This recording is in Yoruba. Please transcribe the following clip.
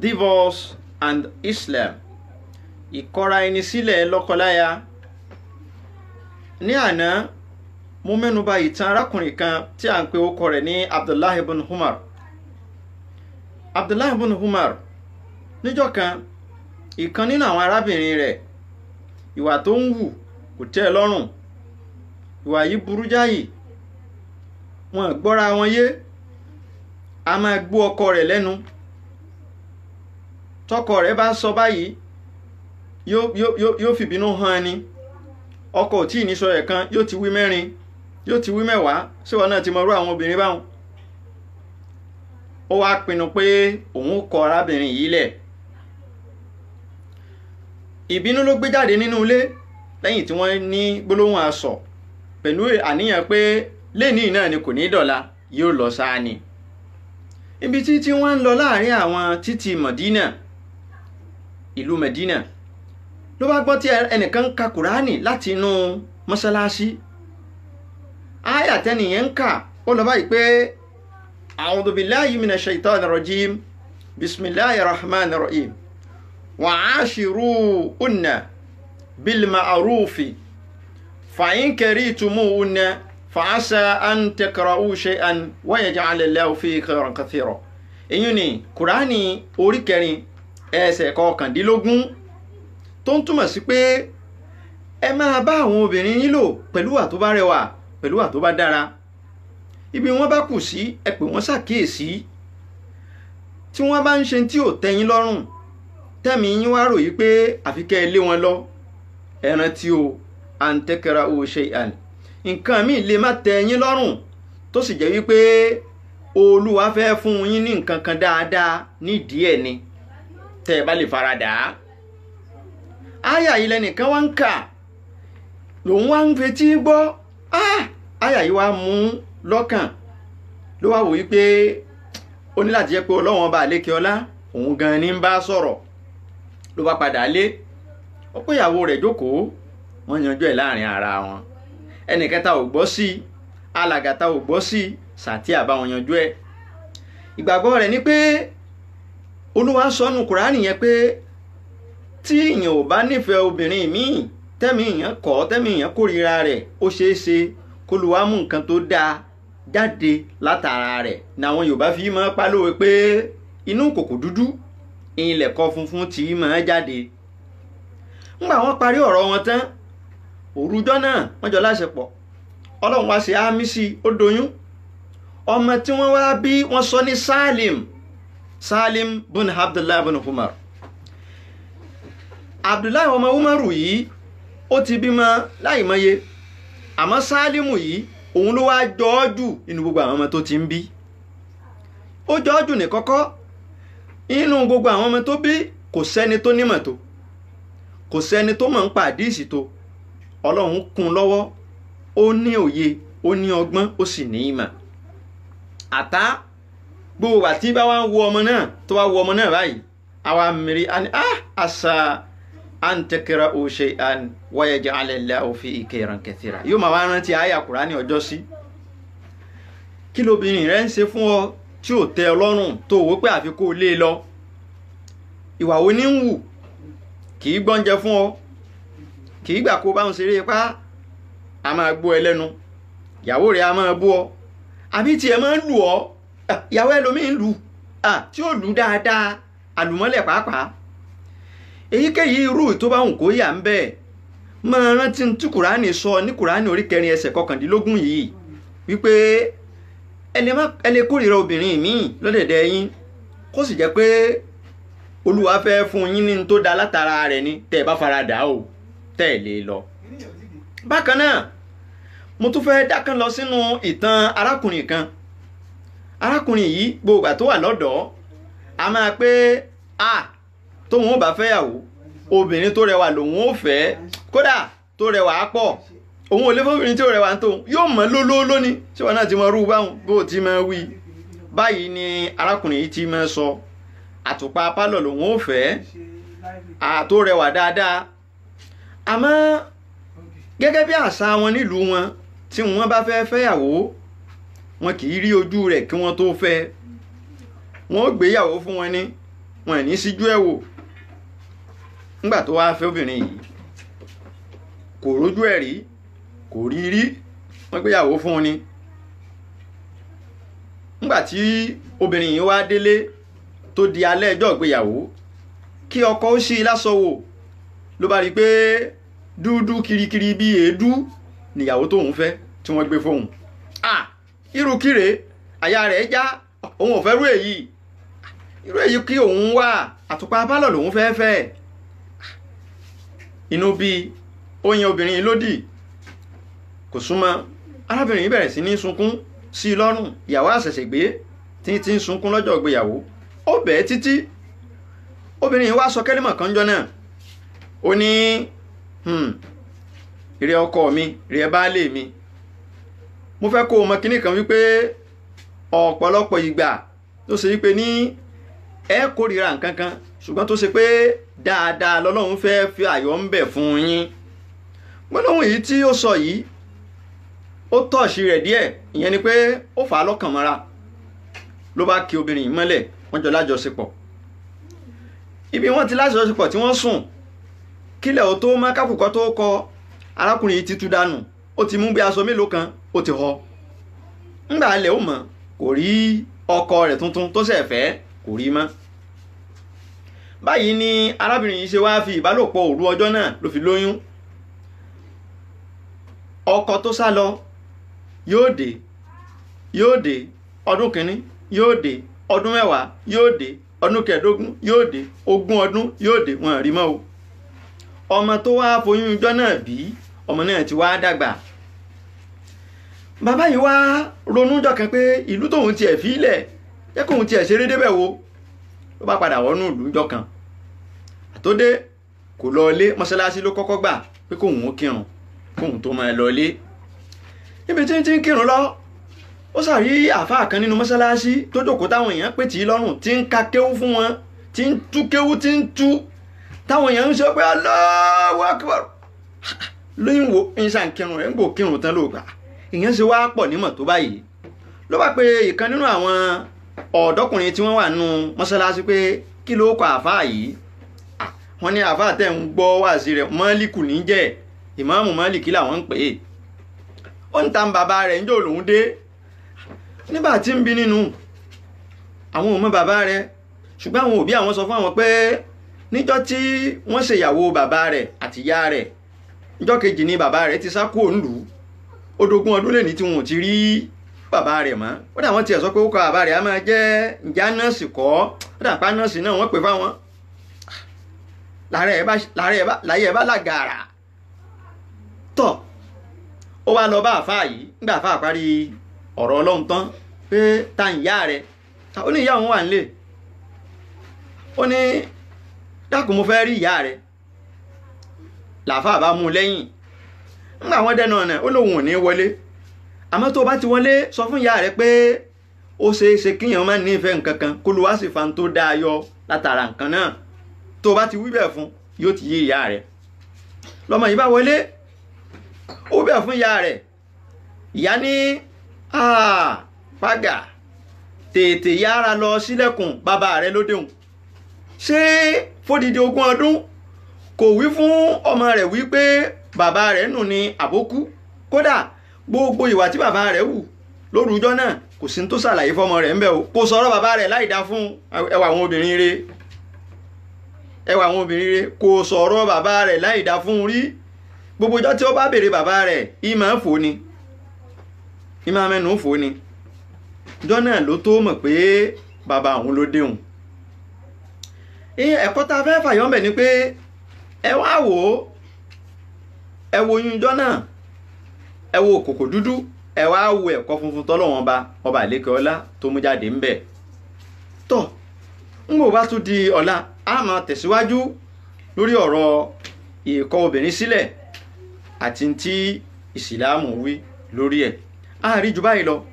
divorce and Islam ìkọra ẹni sílẹ̀ lọ́kọláya ní àná mo mẹ́nuba ìtàn arákùnrin kan tí à ń pe orúkọ rẹ̀ ní Abdullahi ibn Umar Abdullahi ibn Umar níjọ́ kan ìkan nínú àwọn arábìnrin rẹ̀ ìwà tó ń wù kò tẹ́ ẹ lọ́rùn ìwà yìí burú jáyì wọn gbọ́ra wọn yé a máa gbọ́ ọkọ rẹ̀ lẹ́nu tọkọ rẹ̀ bá ń sọ báyìí yóò yóò yóò fìbínú hàn ẹni ọkọ ò tí ì ní sọ ẹ̀ kan yóò ti wí mẹ́rin yóò ti wí mẹ́wàá síwọ náà ti mọ irú àwọn obìnrin báwọn ó wá pinnu pé òun kọ arábìnrin yìí lẹ̀ ìbínú ló gbé jáde nínú ilé lẹ́yìn tí wọ́n ní gbólóhùn asọ̀ pẹ̀lú àníyàn pé lẹ́nìí náà ni kò ní dọ̀la yóò lọ sáà ni ibi tí tí wọ́n ń lọ láàrin àwọn títí Mọ̀dínà ìlú Medina ló bá gbọ́ tí ẹnìkan ń ka Kùránì láti inú mọ́ṣáláṣí àyà tẹ́nìyẹn ń kà ó lọ báyìí pé a'udhu billahi minash shaitani rajim bismillahir rahmanir rahim wa 'ashiruhunna bil ma'rufi fa'in karihtumuhunna fa'asa an takra'u shay'an wa yaj'al Allahu fihi khayran kathira èyí ni Kùránì orí kẹrin ẹsẹ̀ kọkàndínlógún tó ń túmọ̀ sí pé ẹ máa bá àwọn obìnrin yín lò pẹ̀lú wà tó bá rẹwà pẹ̀lú wà tó bá dára ibi wọ́n bá kù sí ẹ pè wọ́n ṣàkíyèsí tí wọ́n bá ń ṣe tí ò tẹ́yín lọ́rùn tẹ́mi yín wá ròyìn pé àfi kẹ́ ẹ lé wọn lọ ẹ rántí o à o ṣe àn nǹkan míì lè má tẹ́ lọ́rùn tó sì jẹ́ wípé olúwa fẹ́ fún yín ní nǹkan kan dáadáa nídìí ẹ̀ ni. Kan tẹ́ ẹ bá lè faradà á àyà yìí lẹ́nìkan wá ń kà lòun wá ń fetí gbọ́ ah! àyà yìí wá mú lọ́kàn ló wá wò wípé ó ní láti jẹ́ pé ọlọ́wọ́n ọba àlékè ọlá òun gan ni ń bá sọ̀rọ̀ ló bá padà lé ọ̀pọ̀ ìyàwó rẹ̀ jókòó wọ́n yanjú ẹ̀ láàrin ara wọn ẹnìkẹta ò gbọ́ sí i alàgàtà ò gbọ́ sí i sàtì àbáwọn yanjú ẹ̀ ìgbàgbọ́ rẹ̀ ni pé olúwa sọnù kùránì yẹn pé tí èèyàn ò bá nífẹ̀ẹ́ obìnrin míì tẹ́mi èèyàn kọ̀ tẹ́mi èèyàn kórìíra rẹ̀ ó ṣeé ṣe kólúwa mú nǹkan tó dáa jáde látara rẹ̀ làwọn yorùbá fi máa pa lówe pé inú kòkò dúdú ìlẹ̀kọ funfun tí máa jáde ńgbà wọ́n parí ọ̀rọ̀ wọn tán òrùjọ́ náà wọ́n jọ láṣepọ̀ ọlọ́run wá ṣe ámísì ó doyún ọmọ tí wọ́n wá bí wọ́n sọ ní Salim salim bin abdullahi bin umar abdullahi ọmọ umaru yìí ó ti bímọ láì mọye àmọ́ salimu yìí òun ló wáá jọ́ọ́jù inú gbogbo àwọn ọmọ tó ti ń bí ó jọ́ọ́jù ní kọ́kọ́ inú gbogbo àwọn ọmọ tó bí kò sẹ́ni tó nímọ̀ tó kò sẹ́ni tó mọ̀ ń pa àdíìsì tó ọlọ́run kún lọ́wọ́ ó ní òye ó ní ọgbọ́n ó sì ní ìmọ̀ àtá gbogbo wa tí bá wá ń wo ọmọ náà tó wá wo ọmọ náà báyìí àwa mìírí a ní ah àṣà àǹtẹkẹrẹ òṣè àn wáyẹjẹ alẹlẹ òfin ìkẹyẹrán kẹtìrà yóò máa wá rántí àyà Kùránì ọjọ́ sí kí lóbìnrin rẹ ń ṣe fún ọ tí ò tẹ́ ọ lọ́rùn tó wò pé àfi kó lé e lọ ìwà wo ní ń wù kì í gbọ́njẹ fún ọ kì í gbà kó bá ń ṣeré ipá a máa gbó ẹ lẹ́nu ìyàwó rẹ a máa bú ọ àbí tiẹ̀ máa ń lù ọ́ ìyàwó ẹlòmíín lù tí ó lù dáadáa àlùmọ́lẹ̀ pàápàá èyíkéyìí irú tó bá wù kó yà ń bẹ́ẹ̀ máa rántí tí kùránì sọ ní kùránì orí kẹrin ẹsẹ̀ kọkàndínlógún yìí wípé ẹni kórìíra obìnrin míì lọ́dẹ̀dẹ̀ yín kó sì jẹ́ pé olúwa fẹ́ fún yín ní tó da látara rẹ̀ ni tẹ́ ẹ bá fara dà o tẹ́ ẹ lè lọ. bákan náà mo tún fẹ́ dákan lọ sínú ìtàn arákùnrin kan arákùnrin yìí gbogbo ìgbà tó wà lọ́dọ̀ọ́ a máa pé a tóun ó bá fẹ́yàwó obìnrin tó rẹwà lòun ó fẹ́ kódà tó rẹwà á pọ̀ òun ò lè fóbìnrin tí ó rẹwà tó yóò mọ̀ lólóó lónìí tí wọn náà ti mọ rú báwọn bó ti máa wí báyìí ni arákùnrin yìí ti máa sọ àtùpà pálọ̀ lòun ó fẹ́ àtó rẹwà dáadáa àmọ́ gẹ́gẹ́ bí àṣà wọn nílùú wọn tí wọ́n bá fẹ́ fẹ́yàwó wọn kì í rí ojú rẹ̀ kí wọ́n tó fẹ́ ẹ wọn ò gbéyàwó fún wọn ní wọn ẹ̀ ní síjú ẹ̀ wò nígbà tó wáá fẹ́ obìnrin yìí kò rójú ẹ̀ rí kò rí rí wọn gbéyàwó fún un ni nígbà tí obìnrin yìí wá délé tó di alẹ́ ẹjọ́ ìgbéyàwó kí ọkọ ó ṣí i lásọ wò ló bá rí i pé dúdú kirikiri bíi èédú nìyàwó tóun fẹ́ tí wọ́n gbé fóun irúkìrè àyà rẹ̀ já òun ò fẹ́ rú èyí irú èyí kí òun wà àtùpà bálọ̀ lòun fẹ́ fẹ́ inú bí oyin obìnrin lódì kò súnmọ́ arábìnrin yìí bẹ̀rẹ̀ sí ní sunkún sí lọ́rùn ìyàwó àṣẹ̀ṣẹ̀ gbé tí ti ń sunkún lọ́jọ́ ìgbéyàwó ó bẹ̀ẹ́ títí obìnrin yìí wá sọ kẹ́límọ̀ kan jọ náà ó ní ìrẹ́ hmm, ọkọ mi ìrẹ́ baálé mi mo fẹ́ kó o mọ kínní kan wípé ọ̀pọ̀lọpọ̀ ìgbà tó ṣe wípé ní ẹ kórìíra nǹkan kan ṣùgbọ́n tó ṣe pé dáadáa lọ́lọ́run fẹ́ fi àyọ̀ ń bẹ̀ fún yín gbólóhùn yìí tí ó sọ yìí ó tọ̀ọ̀ṣì rẹ̀ díẹ̀ ìyẹn ni pé ó fà á lọ́kàn mọ́ra ló bá ki obìnrin yìí mọ́lẹ̀ wọ́n jọ lájọṣepọ̀ ibi wọ́n ti lájọṣepọ̀ tí wọ́n sùn kílẹ̀ ò tó mọ́ kákùkọ́ tó kọ arákùnrin yìí ti tú dànù ó ti mú bí aṣọ mélòó kan ó ti họ ńgbà alẹ́ ó mọ̀ kò rí ọkọ rẹ tuntun tó ṣẹ̀ fẹ́ kò rí mọ́ báyìí ni arábìnrin yìí ṣe wáá fi ìbálòpọ̀ òru ọjọ náà ló fi lóyún ọkọ tó sá lọ yóò dé yóò dé ọdún kìíní yóò dé ọdún mẹ́wàá yóò dé ọdún kẹẹ̀ẹ́dógún yóò dé ogún ọdún yóò dé wọn rí mọ́ o ọmọ tó wáá foyún ijọ́ náà bí ọmọ náà ti wáá dàgbà bàbá yìí wá ronú jọkàn pé ìlú tóun tiẹ̀ fi ilẹ̀ jẹ́ kóun tiẹ̀ ṣeré débẹ̀ wo ló bá padà wọnú ìlú jọkàn àtòdé kò lọ ilé mọ́ṣáláṣí ló kọ́kọ́ gbà pé kóun ó kírun kóun tó máa lọ ilé níbi tí ń ti ń kírun lọ ó sàrí àáfàá kan nínú mọ́ṣáláṣí tó jókòó táwọn èèyàn pè tí lọ́rùn tí ń ka kéwú fún wọn tí ń tú kéwú tí ń tú táwọn èèyàn ń sọ pé Allahu Akbar lóyún wo ń ṣàǹkírun rẹ̀ ń gbò kírun tán lóògbà ìyẹn ṣe wá pọ̀ nímọ̀ tó báyìí ló bá pé ìkan nínú àwọn ọ̀dọ́kùnrin tí wọ́n wà nínú mọ́ṣáláṣí pé kí ló kọ àáfàá yìí wọ́n ní àáfàá tẹ̀ ń gbọ́ wáàsí rẹ̀ mọ́líkù ní jẹ́ ìmáàmù mọ́líkì làwọn ń pè é ó ń ta bàbá rẹ̀ ń jò lòún dé nígbà tí ń bí nínú àwọn ò mọ bàbá rẹ̀ ṣùgbọ́n àwọn òbí àwọn sọ fún àwọn pé níjọ́ tí wọ́n ṣèyàwó bàbá rẹ̀ àtìyá rẹ̀ níjọ́ kejì ni bàbá rẹ̀ ti sá kúrò nílùú odògún ọdún lẹ́ni tí wọn ò ti rí bàbá rẹ̀ mọ́ ó dà wọ́n tiẹ̀ sọ pé ó kọ bàbá rẹ̀ á máa jẹ́ ìjà nọ́ọ̀sì kọ́ ó dà pa nọ́ọ̀sì náà wọ́n pè fáwọn láyé ẹ̀ bá làgàrà tọ̀ ó wá lọ bá àfáà yìí nígbà àfáà parí ọ̀rọ̀ ọlọ́run tán pé ta ń yá rẹ̀ ó ní ìyá òun wà nílé ó ní dákun mo fẹ́ rí ìyá rẹ̀ làáfáà bá mú lẹ́yìn ńgbà wọ́n dẹ́nu ọ̀nà ó lóun ò ní wọlé àmọ́ tó o bá ti wọlé sọ fún ìyá rẹ pé ó ṣeé ṣe kíyàn má nífẹ̀ẹ́ nǹkan kan kó lu wá sì tó dáa yọ látara nǹkan náà tó o bá ti wí bẹ́ẹ̀ fún yóò ti yí ìyá rẹ lọ́mọ yìí bá wọlé ó bẹ̀ fún ìyá rẹ̀ ìyá ní pàgà tètè yára lọ sílẹ̀kùn bàbá rẹ̀ lódeun ṣé fódìdí ogún ọdún kò wí fún ọmọ rẹ̀ wípé bàbá rẹ̀ nù ní àbókú kódà gbogbo ìwà tí bàbá rẹ̀ wù lórúkọ náà kò sí tó ṣàlàyé fọmọ rẹ̀ ńbẹ̀ o kò sọ̀rọ̀ bàbá rẹ̀ láì dá fún ẹwà àwọn obìnrin rẹ̀ ẹwà àwọn obìnrin rẹ̀ kò sọ̀rọ̀ bàbá rẹ̀ láì dá fún rí gbogbo ìjọ tí ó bá béèrè bàbá rẹ̀ ìmọ̀ fò ni ìmọ̀ mẹ́nu fò ni ìjọ náà ló tó mọ̀ pé bàbá òun ló déhùn ẹ̀kọ́ tá fẹ́ fàyọ́ ńbẹ̀ ni pé ẹ wá wò ó ẹ wo oyún ijọ́ náà ẹ wo dúdú ẹwà wá ẹkọ funfun tọ́lọ́wọ́n ba ọba àlékè ọlá tó mú jáde ńbẹ̀ tọ́ bá tún di ọla a máa tẹ̀síwájú lórí ọ̀rọ̀ ìkọ̀ obìnrin sílẹ̀ àti ti ìsìláàmù wí lórí ẹ̀ a rí báyìí lọ